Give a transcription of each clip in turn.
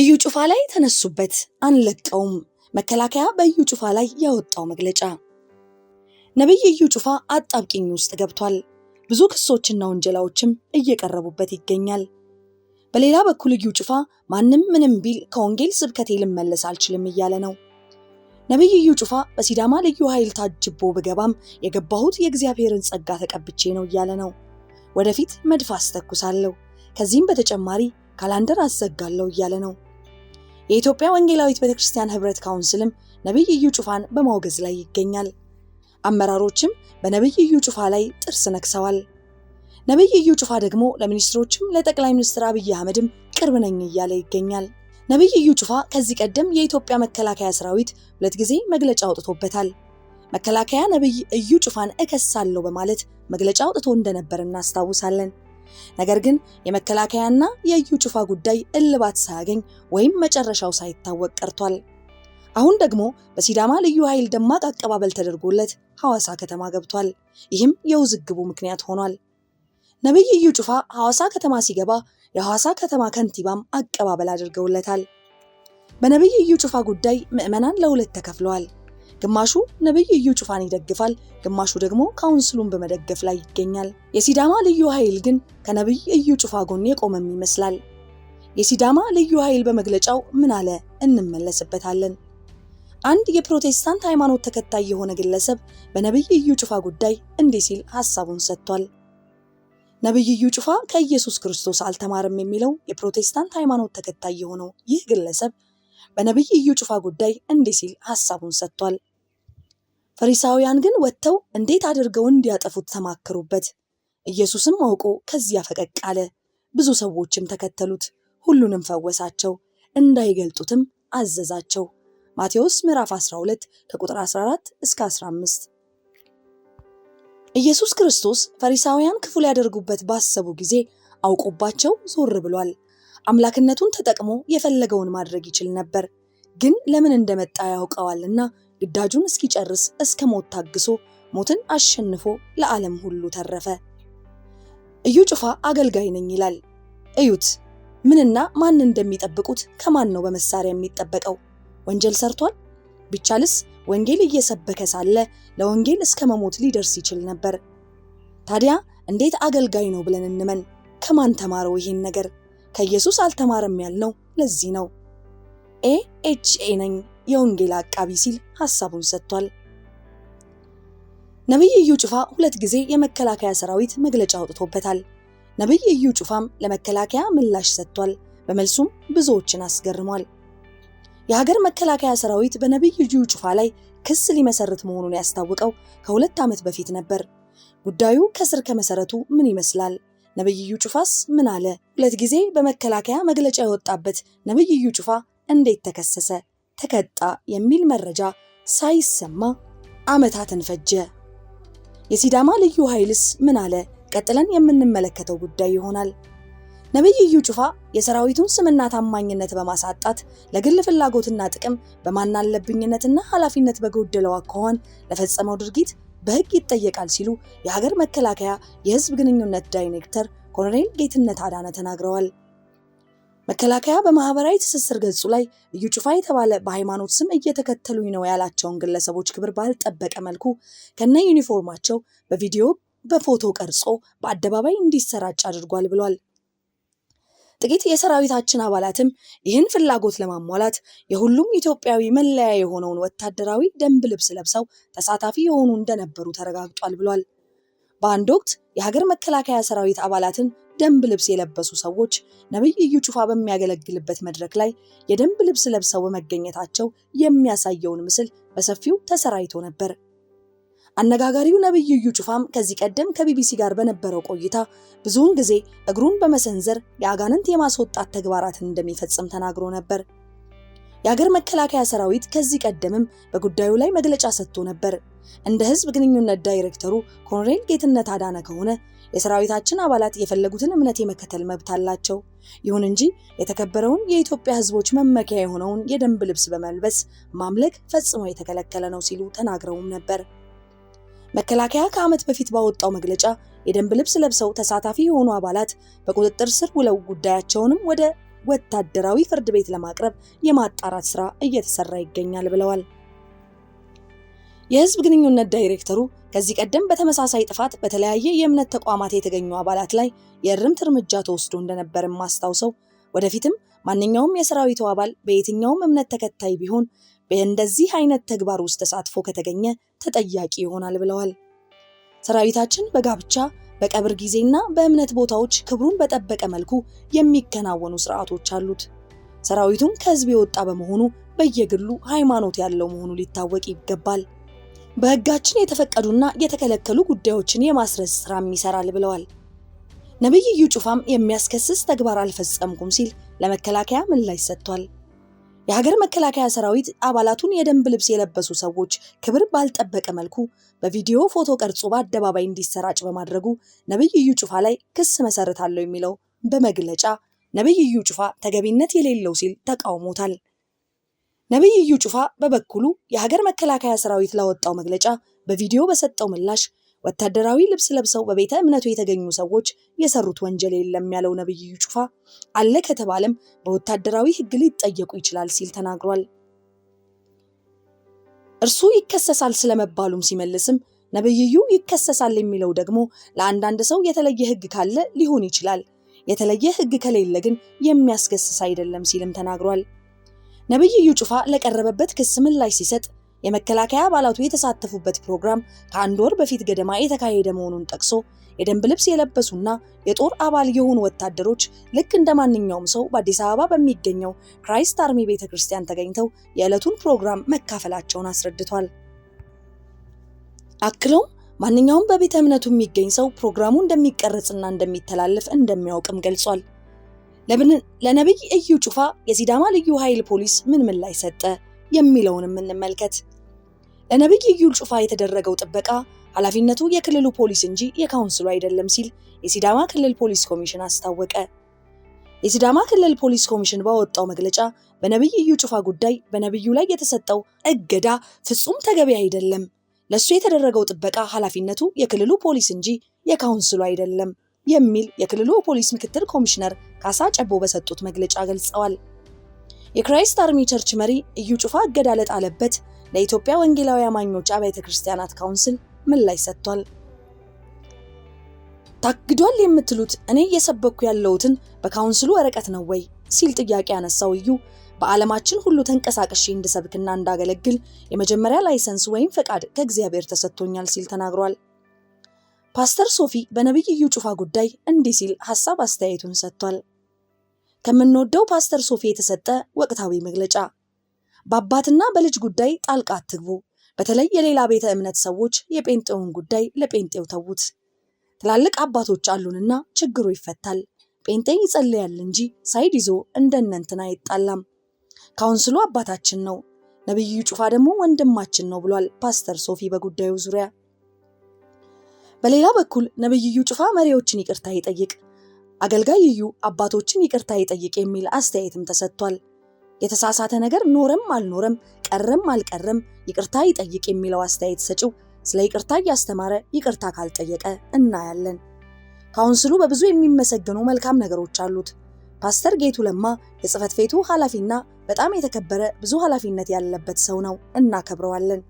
እዩ ጩፋ ላይ ተነሱበት፣ አንለቀውም። መከላከያ በእዩ ጩፋ ላይ ያወጣው መግለጫ። ነቢይ እዩ ጩፋ አጣብቂኝ ውስጥ ገብቷል። ብዙ ክሶችና ወንጀላዎችም እየቀረቡበት ይገኛል። በሌላ በኩል እዩ ጩፋ ማንም ምንም ቢል ከወንጌል ስብከቴ ልመለስ አልችልም እያለ ነው። ነቢይ እዩ ጩፋ በሲዳማ ልዩ ኃይል ታጅቦ ብገባም የገባሁት የእግዚአብሔርን ጸጋ ተቀብቼ ነው እያለ ነው። ወደፊት መድፍ አስተኩሳለሁ። ከዚህም በተጨማሪ ካላንደር አዘጋለው እያለ ነው። የኢትዮጵያ ወንጌላዊት ቤተክርስቲያን ህብረት ካውንስልም ነቢይ እዩ ጩፋን በማውገዝ ላይ ይገኛል። አመራሮችም በነቢይ እዩ ጩፋ ላይ ጥርስ ነክሰዋል። ነቢይ እዩ ጩፋ ደግሞ ለሚኒስትሮችም ለጠቅላይ ሚኒስትር አብይ አህመድም ቅርብ ነኝ እያለ ይገኛል። ነቢይ እዩ ጩፋ ከዚህ ቀደም የኢትዮጵያ መከላከያ ሰራዊት ሁለት ጊዜ መግለጫ አውጥቶበታል። መከላከያ ነቢይ እዩ ጩፋን እከሳለሁ በማለት መግለጫ አውጥቶ እንደነበር እናስታውሳለን። ነገር ግን የመከላከያና የእዩ ጩፋ ጉዳይ እልባት ሳያገኝ ወይም መጨረሻው ሳይታወቅ ቀርቷል። አሁን ደግሞ በሲዳማ ልዩ ኃይል ደማቅ አቀባበል ተደርጎለት ሐዋሳ ከተማ ገብቷል። ይህም የውዝግቡ ምክንያት ሆኗል። ነቢይ እዩ ጩፋ ሐዋሳ ከተማ ሲገባ የሐዋሳ ከተማ ከንቲባም አቀባበል አድርገውለታል። በነቢይ እዩ ጩፋ ጉዳይ ምዕመናን ለሁለት ተከፍለዋል። ግማሹ ነብይ እዩ ጩፋን ይደግፋል፣ ግማሹ ደግሞ ካውንስሉን በመደገፍ ላይ ይገኛል። የሲዳማ ልዩ ኃይል ግን ከነብይ እዩ ጩፋ ጎን የቆመም ይመስላል። የሲዳማ ልዩ ኃይል በመግለጫው ምን አለ? እንመለስበታለን። አንድ የፕሮቴስታንት ሃይማኖት ተከታይ የሆነ ግለሰብ በነብይ እዩ ጩፋ ጉዳይ እንዲህ ሲል ሐሳቡን ሰጥቷል። ነብይ እዩ ጩፋ ከኢየሱስ ክርስቶስ አልተማረም የሚለው የፕሮቴስታንት ሃይማኖት ተከታይ የሆነው ይህ ግለሰብ በነብይ እዩ ጩፋ ጉዳይ እንዲህ ሲል ሐሳቡን ሰጥቷል። ፈሪሳውያን ግን ወጥተው እንዴት አድርገው እንዲያጠፉት ተማከሩበት። ኢየሱስም አውቆ ከዚያ ፈቀቅ አለ። ብዙ ሰዎችም ተከተሉት። ሁሉንም ፈወሳቸው፣ እንዳይገልጡትም አዘዛቸው። ማቴዎስ ምዕራፍ 12 ከቁጥር 14 እስከ 15። ኢየሱስ ክርስቶስ ፈሪሳውያን ክፉ ሊያደርጉበት ባሰቡ ጊዜ አውቆባቸው ዞር ብሏል። አምላክነቱን ተጠቅሞ የፈለገውን ማድረግ ይችል ነበር፣ ግን ለምን እንደመጣ ያውቀዋልና ግዳጁን እስኪጨርስ እስከ ሞት ታግሶ ሞትን አሸንፎ ለዓለም ሁሉ ተረፈ። እዩ ጩፋ አገልጋይ ነኝ ይላል። እዩት ምንና ማን እንደሚጠብቁት ከማን ነው በመሳሪያ የሚጠበቀው? ወንጀል ሰርቷል? ቢቻልስ ወንጌል እየሰበከ ሳለ ለወንጌል እስከ መሞት ሊደርስ ይችል ነበር። ታዲያ እንዴት አገልጋይ ነው ብለን እንመን? ከማን ተማረው ይሄን ነገር? ከኢየሱስ አልተማረም ያልነው ለዚህ ነው። ኤ ኤች ኤ ነኝ የወንጌል አቃቢ ሲል ሀሳቡን ሰጥቷል። ነብይ እዩ ጩፋ ሁለት ጊዜ የመከላከያ ሰራዊት መግለጫ አውጥቶበታል። ነብይ እዩ ጩፋም ለመከላከያ ምላሽ ሰጥቷል። በመልሱም ብዙዎችን አስገርሟል። የሀገር መከላከያ ሰራዊት በነብይ እዩ ጩፋ ላይ ክስ ሊመሰርት መሆኑን ያስታወቀው ከሁለት ዓመት በፊት ነበር። ጉዳዩ ከስር ከመሰረቱ ምን ይመስላል? ነብይ እዩ ጩፋስ ምን አለ? ሁለት ጊዜ በመከላከያ መግለጫ የወጣበት ነብይ እዩ ጩፋ እንዴት ተከሰሰ? ተቀጣ የሚል መረጃ ሳይሰማ ዓመታትን ፈጀ። የሲዳማ ልዩ ኃይልስ ምን አለ? ቀጥለን የምንመለከተው ጉዳይ ይሆናል። ነቢይ ኢዩ ጩፋ የሰራዊቱን ስምና ታማኝነት በማሳጣት ለግል ፍላጎትና ጥቅም በማናለብኝነትና ኃላፊነት በጎደለው አኳኋን ለፈጸመው ድርጊት በሕግ ይጠየቃል ሲሉ የሀገር መከላከያ የሕዝብ ግንኙነት ዳይሬክተር ኮሎኔል ጌትነት አዳነ ተናግረዋል። መከላከያ በማህበራዊ ትስስር ገጹ ላይ እዩ ጩፋ የተባለ በሃይማኖት ስም እየተከተሉኝ ነው ያላቸውን ግለሰቦች ክብር ባልጠበቀ መልኩ ከነ ዩኒፎርማቸው በቪዲዮ በፎቶ ቀርጾ በአደባባይ እንዲሰራጭ አድርጓል ብሏል። ጥቂት የሰራዊታችን አባላትም ይህን ፍላጎት ለማሟላት የሁሉም ኢትዮጵያዊ መለያ የሆነውን ወታደራዊ ደንብ ልብስ ለብሰው ተሳታፊ የሆኑ እንደነበሩ ተረጋግጧል ብሏል። በአንድ ወቅት የሀገር መከላከያ ሰራዊት አባላትን ደንብ ልብስ የለበሱ ሰዎች ነቢይ ኢዩ ጩፋ በሚያገለግልበት መድረክ ላይ የደንብ ልብስ ለብሰው በመገኘታቸው የሚያሳየውን ምስል በሰፊው ተሰራይቶ ነበር። አነጋጋሪው ነቢይ ኢዩ ጩፋም ከዚህ ቀደም ከቢቢሲ ጋር በነበረው ቆይታ ብዙውን ጊዜ እግሩን በመሰንዘር የአጋንንት የማስወጣት ተግባራትን እንደሚፈጽም ተናግሮ ነበር። የአገር መከላከያ ሰራዊት ከዚህ ቀደምም በጉዳዩ ላይ መግለጫ ሰጥቶ ነበር። እንደ ህዝብ ግንኙነት ዳይሬክተሩ ኮሎኔል ጌትነት አዳነ ከሆነ የሰራዊታችን አባላት የፈለጉትን እምነት የመከተል መብት አላቸው። ይሁን እንጂ የተከበረውን የኢትዮጵያ ህዝቦች መመኪያ የሆነውን የደንብ ልብስ በመልበስ ማምለክ ፈጽሞ የተከለከለ ነው ሲሉ ተናግረውም ነበር። መከላከያ ከዓመት በፊት ባወጣው መግለጫ የደንብ ልብስ ለብሰው ተሳታፊ የሆኑ አባላት በቁጥጥር ስር ውለው ጉዳያቸውንም ወደ ወታደራዊ ፍርድ ቤት ለማቅረብ የማጣራት ስራ እየተሰራ ይገኛል ብለዋል። የህዝብ ግንኙነት ዳይሬክተሩ ከዚህ ቀደም በተመሳሳይ ጥፋት በተለያየ የእምነት ተቋማት የተገኙ አባላት ላይ የእርምት እርምጃ ተወስዶ እንደነበርም አስታውሰው ወደፊትም ማንኛውም የሰራዊቱ አባል በየትኛውም እምነት ተከታይ ቢሆን በእንደዚህ አይነት ተግባር ውስጥ ተሳትፎ ከተገኘ ተጠያቂ ይሆናል ብለዋል። ሰራዊታችን በጋብቻ በቀብር ጊዜና በእምነት ቦታዎች ክብሩን በጠበቀ መልኩ የሚከናወኑ ስርዓቶች አሉት። ሰራዊቱም ከህዝብ የወጣ በመሆኑ በየግሉ ሃይማኖት ያለው መሆኑ ሊታወቅ ይገባል። በህጋችን የተፈቀዱና የተከለከሉ ጉዳዮችን የማስረጽ ስራም ይሰራል ብለዋል። ነቢይ እዩ ጩፋም የሚያስከስስ ተግባር አልፈጸምኩም ሲል ለመከላከያ ምላሽ ሰጥቷል። የሀገር መከላከያ ሰራዊት አባላቱን የደንብ ልብስ የለበሱ ሰዎች ክብር ባልጠበቀ መልኩ በቪዲዮ ፎቶ ቀርጾ በአደባባይ እንዲሰራጭ በማድረጉ ነቢይ እዩ ጩፋ ላይ ክስ መሰርታለሁ የሚለው በመግለጫ ነቢይ እዩ ጩፋ ተገቢነት የሌለው ሲል ተቃውሞታል። ነቢይ እዩ ጩፋ በበኩሉ የሀገር መከላከያ ሰራዊት ላወጣው መግለጫ በቪዲዮ በሰጠው ምላሽ ወታደራዊ ልብስ ለብሰው በቤተ እምነቱ የተገኙ ሰዎች የሰሩት ወንጀል የለም ያለው ነቢይ እዩ ጩፋ አለ ከተባለም በወታደራዊ ሕግ ሊጠየቁ ይችላል ሲል ተናግሯል። እርሱ ይከሰሳል ስለመባሉም ሲመልስም ነብይዩ ይከሰሳል የሚለው ደግሞ ለአንዳንድ ሰው የተለየ ህግ ካለ ሊሆን ይችላል፣ የተለየ ህግ ከሌለ ግን የሚያስከስስ አይደለም ሲልም ተናግሯል። ነብይ እዩ ጩፋ ለቀረበበት ክስ ምላሽ ሲሰጥ የመከላከያ አባላቱ የተሳተፉበት ፕሮግራም ከአንድ ወር በፊት ገደማ የተካሄደ መሆኑን ጠቅሶ የደንብ ልብስ የለበሱና የጦር አባል የሆኑ ወታደሮች ልክ እንደ ማንኛውም ሰው በአዲስ አበባ በሚገኘው ክራይስት አርሚ ቤተ ክርስቲያን ተገኝተው የዕለቱን ፕሮግራም መካፈላቸውን አስረድቷል። አክለውም ማንኛውም በቤተ እምነቱ የሚገኝ ሰው ፕሮግራሙ እንደሚቀረጽና እንደሚተላለፍ እንደሚያውቅም ገልጿል። ለነቢይ እዩ ጩፋ የሲዳማ ልዩ ኃይል ፖሊስ ምን ምላሽ ሰጠ የሚለውንም እንመልከት። ለነቢይ እዩ ጩፋ የተደረገው ጥበቃ ኃላፊነቱ የክልሉ ፖሊስ እንጂ የካውንስሉ አይደለም ሲል የሲዳማ ክልል ፖሊስ ኮሚሽን አስታወቀ። የሲዳማ ክልል ፖሊስ ኮሚሽን ባወጣው መግለጫ በነቢይ እዩ ጩፋ ጉዳይ በነቢዩ ላይ የተሰጠው እገዳ ፍጹም ተገቢ አይደለም፣ ለእሱ የተደረገው ጥበቃ ኃላፊነቱ የክልሉ ፖሊስ እንጂ የካውንስሉ አይደለም የሚል የክልሉ ፖሊስ ምክትል ኮሚሽነር ካሳ ጨቦ በሰጡት መግለጫ ገልጸዋል። የክራይስት አርሚ ቸርች መሪ እዩ ጩፋ እገዳ ለጣለበት ለኢትዮጵያ ወንጌላዊ አማኞች አብያተ ክርስቲያናት ካውንስል ምላሽ ሰጥቷል። ታግዷል የምትሉት እኔ እየሰበኩ ያለሁትን በካውንስሉ ወረቀት ነው ወይ ሲል ጥያቄ ያነሳው እዩ በዓለማችን ሁሉ ተንቀሳቀሼ እንድሰብክና እንዳገለግል የመጀመሪያ ላይሰንስ ወይም ፈቃድ ከእግዚአብሔር ተሰጥቶኛል ሲል ተናግሯል። ፓስተር ሶፊ በነቢይ እዩ ጩፋ ጉዳይ እንዲህ ሲል ሀሳብ አስተያየቱን ሰጥቷል። ከምንወደው ፓስተር ሶፊ የተሰጠ ወቅታዊ መግለጫ በአባትና በልጅ ጉዳይ ጣልቃ አትግቡ። በተለይ የሌላ ቤተ እምነት ሰዎች የጴንጤውን ጉዳይ ለጴንጤው ተዉት። ትላልቅ አባቶች አሉንና ችግሩ ይፈታል። ጴንጤ ይጸልያል እንጂ ሳይድ ይዞ እንደ አይጣላም። ካውንስሉ አባታችን ነው፣ ነቢዩ ጩፋ ደግሞ ወንድማችን ነው ብሏል ፓስተር ሶፊ በጉዳዩ ዙሪያ በሌላ በኩል ነቢይ እዩ ጩፋ መሪዎችን ይቅርታ ይጠይቅ፣ አገልጋይ እዩ አባቶችን ይቅርታ ይጠይቅ የሚል አስተያየትም ተሰጥቷል። የተሳሳተ ነገር ኖረም አልኖረም ቀረም አልቀረም ይቅርታ ይጠይቅ የሚለው አስተያየት ሰጪው ስለ ይቅርታ እያስተማረ ይቅርታ ካልጠየቀ እናያለን። ካውንስሉ በብዙ የሚመሰገኑ መልካም ነገሮች አሉት። ፓስተር ጌቱ ለማ የጽህፈት ቤቱ ኃላፊና በጣም የተከበረ ብዙ ኃላፊነት ያለበት ሰው ነው፣ እናከብረዋለን።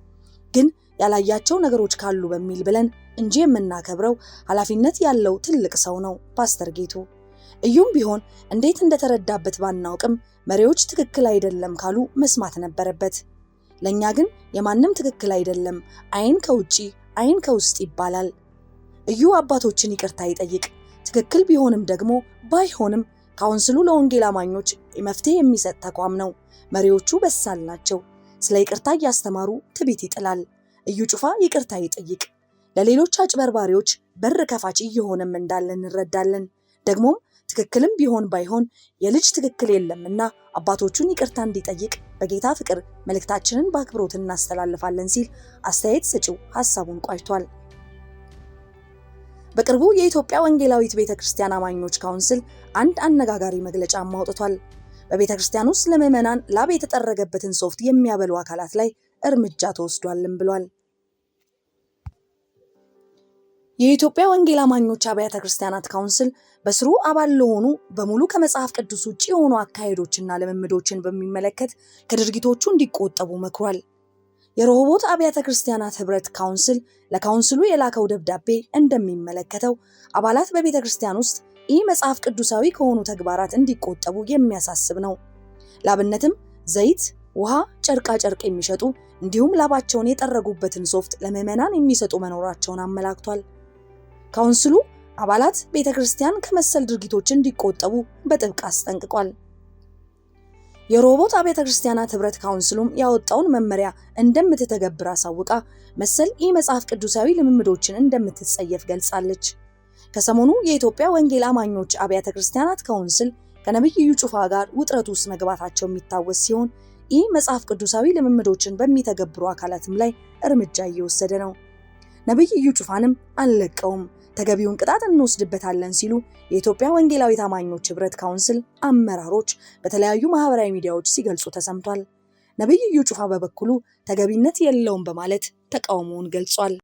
ግን ያላያቸው ነገሮች ካሉ በሚል ብለን እንጂ የምናከብረው ኃላፊነት ያለው ትልቅ ሰው ነው ፓስተር ጌቱ። እዩም ቢሆን እንዴት እንደተረዳበት ባናውቅም መሪዎች ትክክል አይደለም ካሉ መስማት ነበረበት። ለእኛ ግን የማንም ትክክል አይደለም፣ አይን ከውጪ አይን ከውስጥ ይባላል። እዩ አባቶችን ይቅርታ ይጠይቅ። ትክክል ቢሆንም ደግሞ ባይሆንም ካውንስሉ ለወንጌል አማኞች መፍትሄ የሚሰጥ ተቋም ነው። መሪዎቹ በሳል ናቸው። ስለ ይቅርታ እያስተማሩ ትቢት ይጥላል። እዩ ጩፋ ይቅርታ ይጠይቅ። ለሌሎች አጭበርባሪዎች በር ከፋች እየሆነም እንዳለን እንረዳለን። ደግሞም ትክክልም ቢሆን ባይሆን የልጅ ትክክል የለምና አባቶቹን ይቅርታ እንዲጠይቅ በጌታ ፍቅር መልእክታችንን በአክብሮት እናስተላልፋለን ሲል አስተያየት ሰጪው ሀሳቡን ቋጭቷል። በቅርቡ የኢትዮጵያ ወንጌላዊት ቤተ ክርስቲያን አማኞች ካውንስል አንድ አነጋጋሪ መግለጫ አውጥቷል። በቤተ ክርስቲያን ውስጥ ለምዕመናን ላብ የተጠረገበትን ሶፍት የሚያበሉ አካላት ላይ እርምጃ ተወስዷልም ብሏል። የኢትዮጵያ ወንጌል አማኞች አብያተ ክርስቲያናት ካውንስል በስሩ አባል ለሆኑ በሙሉ ከመጽሐፍ ቅዱስ ውጭ የሆኑ አካሄዶችና ልምምዶችን በሚመለከት ከድርጊቶቹ እንዲቆጠቡ መክሯል። የረሆቦት አብያተ ክርስቲያናት ህብረት ካውንስል ለካውንስሉ የላከው ደብዳቤ እንደሚመለከተው አባላት በቤተ ክርስቲያን ውስጥ ይህ መጽሐፍ ቅዱሳዊ ከሆኑ ተግባራት እንዲቆጠቡ የሚያሳስብ ነው። ላብነትም ዘይት፣ ውሃ፣ ጨርቃ ጨርቅ የሚሸጡ እንዲሁም ላባቸውን የጠረጉበትን ሶፍት ለምዕመናን የሚሰጡ መኖራቸውን አመላክቷል። ካውንስሉ አባላት ቤተ ክርስቲያን ከመሰል ድርጊቶች እንዲቆጠቡ በጥብቅ አስጠንቅቋል። የሮቦት አብያተ ክርስቲያናት ህብረት ካውንስሉም ያወጣውን መመሪያ እንደምትተገብር አሳውቃ መሰል የመጽሐፍ ቅዱሳዊ ልምምዶችን እንደምትጸየፍ ገልጻለች። ከሰሞኑ የኢትዮጵያ ወንጌል አማኞች አብያተ ክርስቲያናት ካውንስል ከነቢይ እዩ ጩፋ ጋር ውጥረት ውስጥ መግባታቸው የሚታወስ ሲሆን ይህ መጽሐፍ ቅዱሳዊ ልምምዶችን በሚተገብሩ አካላትም ላይ እርምጃ እየወሰደ ነው። ነቢይ እዩ ጩፋንም አንለቀውም ተገቢውን ቅጣት እንወስድበታለን ሲሉ የኢትዮጵያ ወንጌላዊ ታማኞች ህብረት ካውንስል አመራሮች በተለያዩ ማህበራዊ ሚዲያዎች ሲገልጹ ተሰምቷል። ነቢይ እዩ ጩፋ በበኩሉ ተገቢነት የለውም በማለት ተቃውሞውን ገልጿል።